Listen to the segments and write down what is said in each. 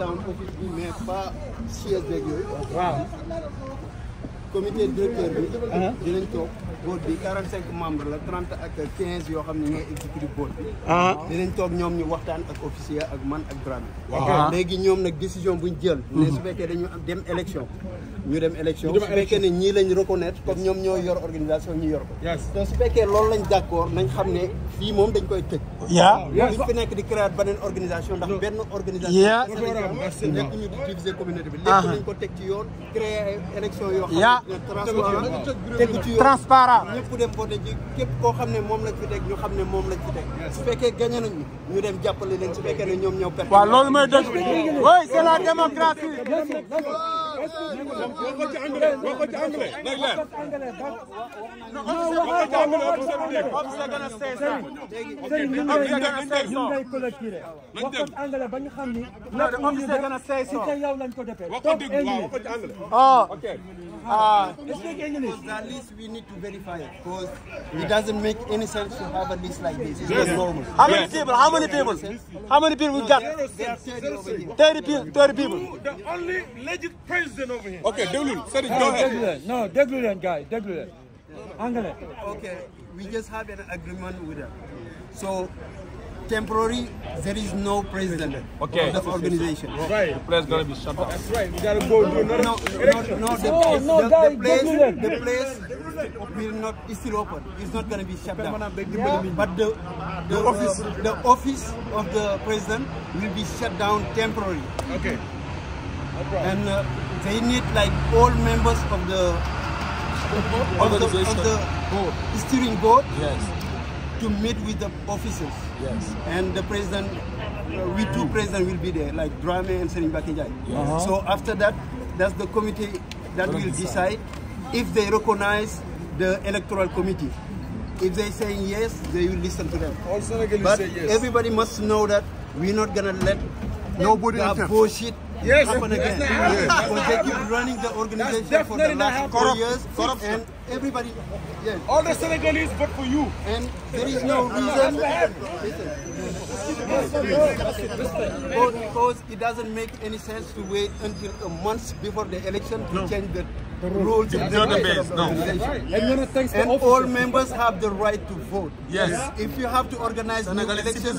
dans office bi mais pas directeur bi. dinañ toog board bi 45 membres la 30 ak 15 yoo xam ne ñooy exécutif board bi. dinañ toog ñoom ñu waxtaan ak officier ak man ak Dramé. léegi ñoom nag décision buñ jël. ne mhm. su fekkee dañu dem élection. ñu dem élection su fekkee ne ñii lañ reconnaître comme ñoom ñoo yor organisation ñu yor ko su fekkee loolu lañ d'accord nañ xam ne fii moom dañ koy tëj yaa luñ fi nekk créer beneen organisation ndax benn organisation ñu di diviser communauté bi ah. lépp ko xam ne transparent teg ci yoon transparent ñëpp dem voté ji képp koo xam ne moom lañ fi teg ñu xam ne moom lañ fi fekkee gagné nañu ñu dem jàppale leen su fekkee ñoom ñoo perte waaw loolu mooy dëgg oui c'est la démocratie ko ci anglais wax ko ci anglais nag leer wax ko ci anglais wax ko ci anglais wax ko ci anglais ba ñu xam ni nak ñu def ci te yow lañ ko defee wax ko dégg wax ko ci anglais ah okay ah speak english at least we need to verify it because it doesn't make any sense to have a list like this it's yes. normal how many people how many people how many people we got 30 people 30 people the only legit president president over here. Okay, Devlin, sorry, go ahead. No, Devlin, guy, Devlin. Angela. Okay, we just have an agreement with them. So, temporary, there is no president okay. of the organization. Right. The place gonna be shut down. That's right. We gotta go do another no, election. No, no, the, no, no, the, guys, the place, the place will not is still open. It's not gonna be shut down. Yeah. But the the office the office of the president will be shut down temporarily. Okay. And uh, they need like all members of the of the, of the board. steering board yes. to meet with the officers. Yes. And the president, uh, we two president will be there, like Drame and Serin Bakijai. Yes. Uh -huh. So after that, that's the committee that We're will decide. decide if they recognize the electoral committee. If they say yes, they will listen to them. Also, but yes. everybody must know that we're not gonna let nobody bullshit yes, happen again. Yes. Because running the organization for the last everybody, All the Senegalese vote for you. And there is no reason. Because, it doesn't make any sense to wait until a month before the election to change the rules And all members have the right to vote. If you have to organize an election,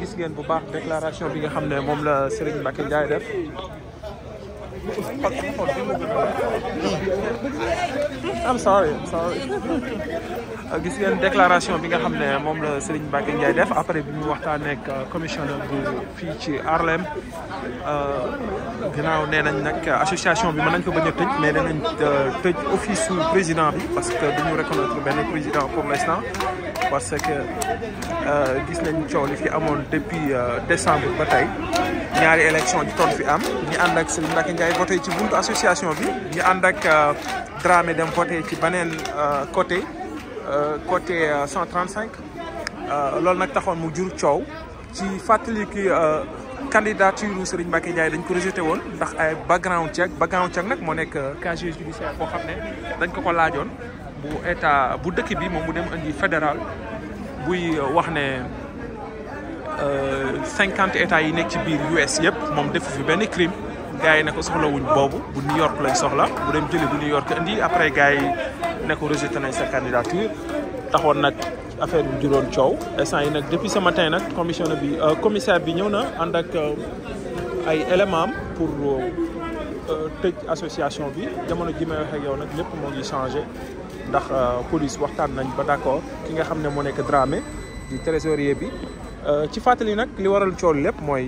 gis ngeen bu baax déclaration bi nga xam ne moom la Serigne Mbacké Ndiaye def I'm sorry I'm sorry gis ngeen déclaration bi nga xam ne moom la Serigne Mbacké Ndiaye def après bi mu waxtaanee ak euh, commissionnaire bu fii ci Harlem euh, ginnaaw nee nañ nag association bi mën nañ ko bañ a tëj mais danañ euh, tëj office su président bi parce que duñu reconnaître benn président pour l'instant parce que Euh, gis nañ coow li fi amoon depuis euh, décembre ba tey ñaari élection ji toon fi am ñi ànd ak Serigne Mbacké Ndiaye ci buntu association bi ñi ànd ak euh, Dramé dem voté ci beneen côté côté 135 loolu nag taxoon mu jur coow ci fàttali ki candidature Serigne Mbacké Ndiaye dañ ko rejeté woon ndax ay background check background check nag moo nekk casier judiciaire boo xam ne dañ ko ko laajoon bu état bu dëkk bi moom mu dem indi fédéral buy euh, wax ne euh, cinquante états yi nekk ci biir US yëpp moom defu fi benn crime gars yi ne ko soxlawuñ boobu bu New York lañ soxla bu dem jëlee bu New York indi après gars yi ne ko rejeté nañ sa candidature taxoon nag affaire bi juróon coow instant yi nag depuis ce matin nag commissionnaire bi euh, commissaire bi ñëw na ànd ak ay élément am pour tëj association bi jamono ji may wax nag lépp moo ngi changé ndax euh, police waxtaan nañ ba d'accord ki nga xam ne moo nekk Dramé di trésorier bi euh, ci fàttali nag li waral cool lépp mooy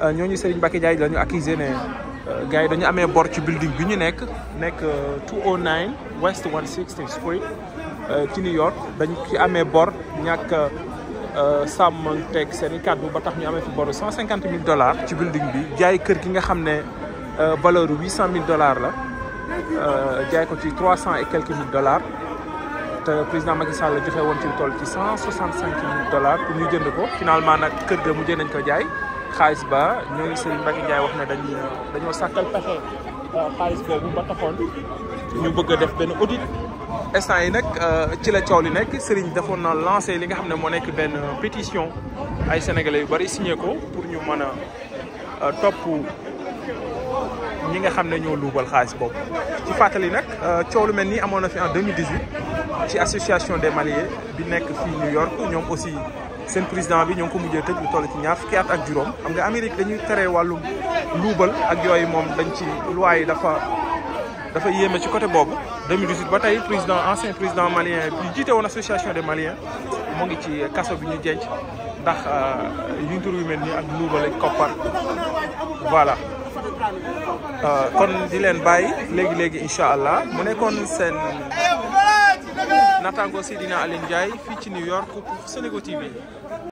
euh, ñooñu Serigne Mbacké Ndiaye la ñu accusé ne gars yi dañu amee bor ci building bi ñu nekk nekk 209 West 160 Street ci New York dañ ci amee bor ñàkk sàmmanteeg seen i kàddu ba tax ñu amee fi boru 150 000 dollars ci building bi jaay kër ki nga xam ne valeur 800 000 dollars la. Euh, jaay ko ci trois cent et quelques mille dollars te président Macky Sall joxe woon ci lu toll ci cent soixante cinq mille dollars ñu jënd ko finalement nag kër ga mujjee nañ ko jaay xaalis ba ñooñu Serigne Mbacké Ndiaye wax na dañu dañoo sàkkal pexe euh, xaalis boobu ba taxoon ñu bëgg a def benn audit instant yi nag euh, ci la coow li nekk Serigne defoon na lancé li nga xam ne moo nekk benn pétition ay sénégalais yu bari signé ko pour ñu mën a topp ñi nga xam ne ñoo luubal xaalis boobu ci fàttali nag euh, coow lu mel nii amoon na fi en 2018 ci association des maliens bi nekk fii New York ñoom aussi seen président bi ñoo ngi ko mujjee tëj lu toll ci ñaar fukki ak juróom xam nga Amérique dañuy tere wàllum luubal ak yooyu moom dañ ci loi yi dafa dafa yéeme ci côté boobu 2018 ba tey président ancien président malien bi jiite woon association des maliens mu ngi ci kaso bi ñu jenc ndax euh, yuntur yu mel nii ak luubal ak koppar Euh, kon di leen bàyyi léegi léegi incha allah mu nekkoon seen naataango Seydina Alioune Ndiaye fii ci New York pour Senego TV.